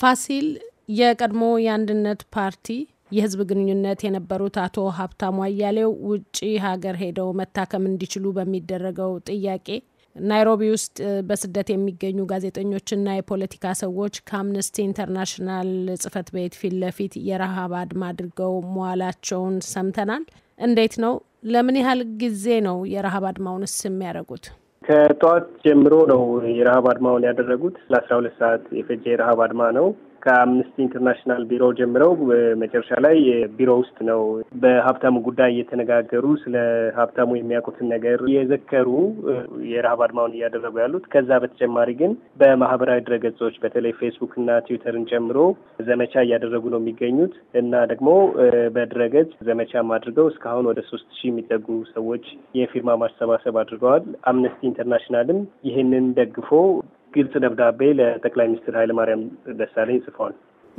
ፋሲል የቀድሞ የአንድነት ፓርቲ የህዝብ ግንኙነት የነበሩት አቶ ሀብታሙ አያሌው ውጪ ሀገር ሄደው መታከም እንዲችሉ በሚደረገው ጥያቄ ናይሮቢ ውስጥ በስደት የሚገኙ ጋዜጠኞችና የፖለቲካ ሰዎች ከአምነስቲ ኢንተርናሽናል ጽህፈት ቤት ፊት ለፊት የረሃብ አድማ አድርገው መዋላቸውን ሰምተናል። እንዴት ነው? ለምን ያህል ጊዜ ነው የረሃብ አድማውንስ የሚያደርጉት? ከጠዋት ጀምሮ ነው የረሀብ አድማውን ያደረጉት። ለአስራ ሁለት ሰዓት የፈጀ የረሀብ አድማ ነው። ከአምነስቲ ኢንተርናሽናል ቢሮ ጀምረው መጨረሻ ላይ ቢሮ ውስጥ ነው በሀብታሙ ጉዳይ እየተነጋገሩ ስለ ሀብታሙ የሚያውቁትን ነገር የዘከሩ የረሀብ አድማውን እያደረጉ ያሉት። ከዛ በተጨማሪ ግን በማህበራዊ ድረገጾች በተለይ ፌስቡክ እና ትዊተርን ጨምሮ ዘመቻ እያደረጉ ነው የሚገኙት እና ደግሞ በድረገጽ ዘመቻም አድርገው እስካሁን ወደ ሶስት ሺህ የሚጠጉ ሰዎች የፊርማ ማሰባሰብ አድርገዋል። አምነስቲ ኢንተርናሽናልም ይህንን ደግፎ ግልጽ ደብዳቤ ለጠቅላይ ሚኒስትር ኃይለማርያም ደሳለኝ ጽፏል።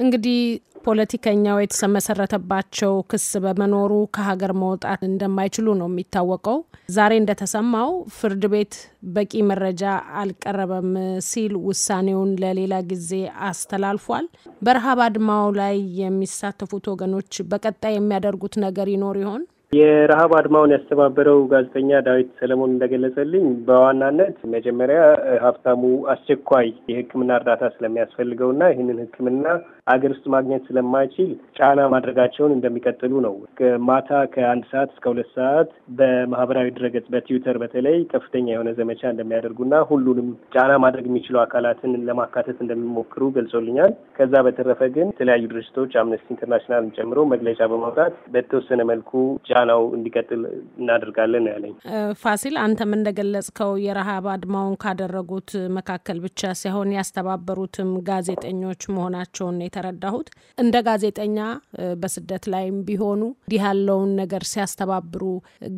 እንግዲህ ፖለቲከኛው የተመሰረተባቸው ክስ በመኖሩ ከሀገር መውጣት እንደማይችሉ ነው የሚታወቀው። ዛሬ እንደተሰማው ፍርድ ቤት በቂ መረጃ አልቀረበም ሲል ውሳኔውን ለሌላ ጊዜ አስተላልፏል። በረሃብ አድማው ላይ የሚሳተፉት ወገኖች በቀጣይ የሚያደርጉት ነገር ይኖር ይሆን? የረሀብ አድማውን ያስተባበረው ጋዜጠኛ ዳዊት ሰለሞን እንደገለጸልኝ በዋናነት መጀመሪያ ሀብታሙ አስቸኳይ የሕክምና እርዳታ ስለሚያስፈልገው እና ይህንን ሕክምና አገር ውስጥ ማግኘት ስለማይችል ጫና ማድረጋቸውን እንደሚቀጥሉ ነው። ማታ ከአንድ ሰዓት እስከ ሁለት ሰዓት በማህበራዊ ድረገጽ በትዊተር በተለይ ከፍተኛ የሆነ ዘመቻ እንደሚያደርጉና ሁሉንም ጫና ማድረግ የሚችሉ አካላትን ለማካተት እንደሚሞክሩ ገልጾልኛል። ከዛ በተረፈ ግን የተለያዩ ድርጅቶች አምነስቲ ኢንተርናሽናልን ጨምሮ መግለጫ በማውጣት በተወሰነ መልኩ ጫናው እንዲቀጥል እናደርጋለን ያለኝ። ፋሲል አንተም እንደገለጽከው የረሃብ አድማውን ካደረጉት መካከል ብቻ ሳይሆን ያስተባበሩትም ጋዜጠኞች መሆናቸውን የተረዳሁት። እንደ ጋዜጠኛ በስደት ላይም ቢሆኑ እንዲህ ያለውን ነገር ሲያስተባብሩ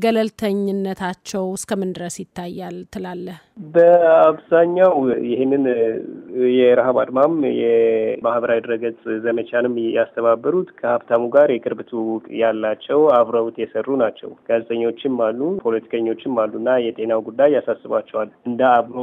ገለልተኝነታቸው እስከምን ድረስ ይታያል ትላለህ? በአብዛኛው ይህንን የረሃብ አድማም የማህበራዊ ድረገጽ ዘመቻንም ያስተባበሩት ከሀብታሙ ጋር የቅርብ ትውውቅ ያላቸው አብረውት የሰሩ ናቸው። ጋዜጠኞችም አሉ፣ ፖለቲከኞችም አሉ እና የጤናው ጉዳይ ያሳስባቸዋል እንደ አብሮ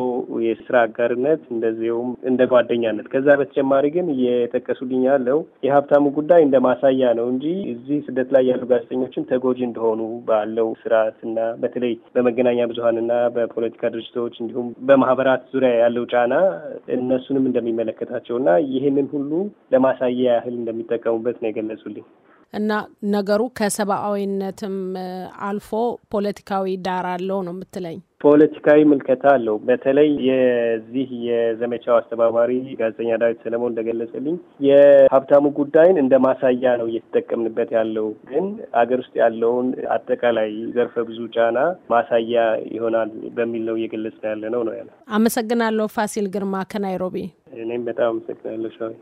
የስራ አጋርነት እንደዚሁም እንደ ጓደኛነት። ከዛ በተጨማሪ ግን እየጠቀሱልኝ ያለው የሀብታሙ ጉዳይ እንደ ማሳያ ነው እንጂ እዚህ ስደት ላይ ያሉ ጋዜጠኞችም ተጎጂ እንደሆኑ ባለው ስርዓትና በተለይ በመገናኛ ብዙሀንና በፖለቲካ ድርጅቶች እንዲሁም በማህበራት ዙሪያ ያለው ጫና እነሱ እነሱንም እንደሚመለከታቸውና ይህንን ሁሉ ለማሳያ ያህል እንደሚጠቀሙበት ነው የገለጹልኝ። እና ነገሩ ከሰብአዊነትም አልፎ ፖለቲካዊ ዳራ አለው ነው የምትለኝ? ፖለቲካዊ ምልከታ አለው። በተለይ የዚህ የዘመቻው አስተባባሪ ጋዜጠኛ ዳዊት ሰለሞን እንደገለጸልኝ የሀብታሙ ጉዳይን እንደ ማሳያ ነው እየተጠቀምንበት ያለው፣ ግን አገር ውስጥ ያለውን አጠቃላይ ዘርፈ ብዙ ጫና ማሳያ ይሆናል በሚል ነው እየገለጽ ያለ ነው ነው ያለ። አመሰግናለሁ። ፋሲል ግርማ ከናይሮቢ። እኔም በጣም አመሰግናለሁ ሻዊ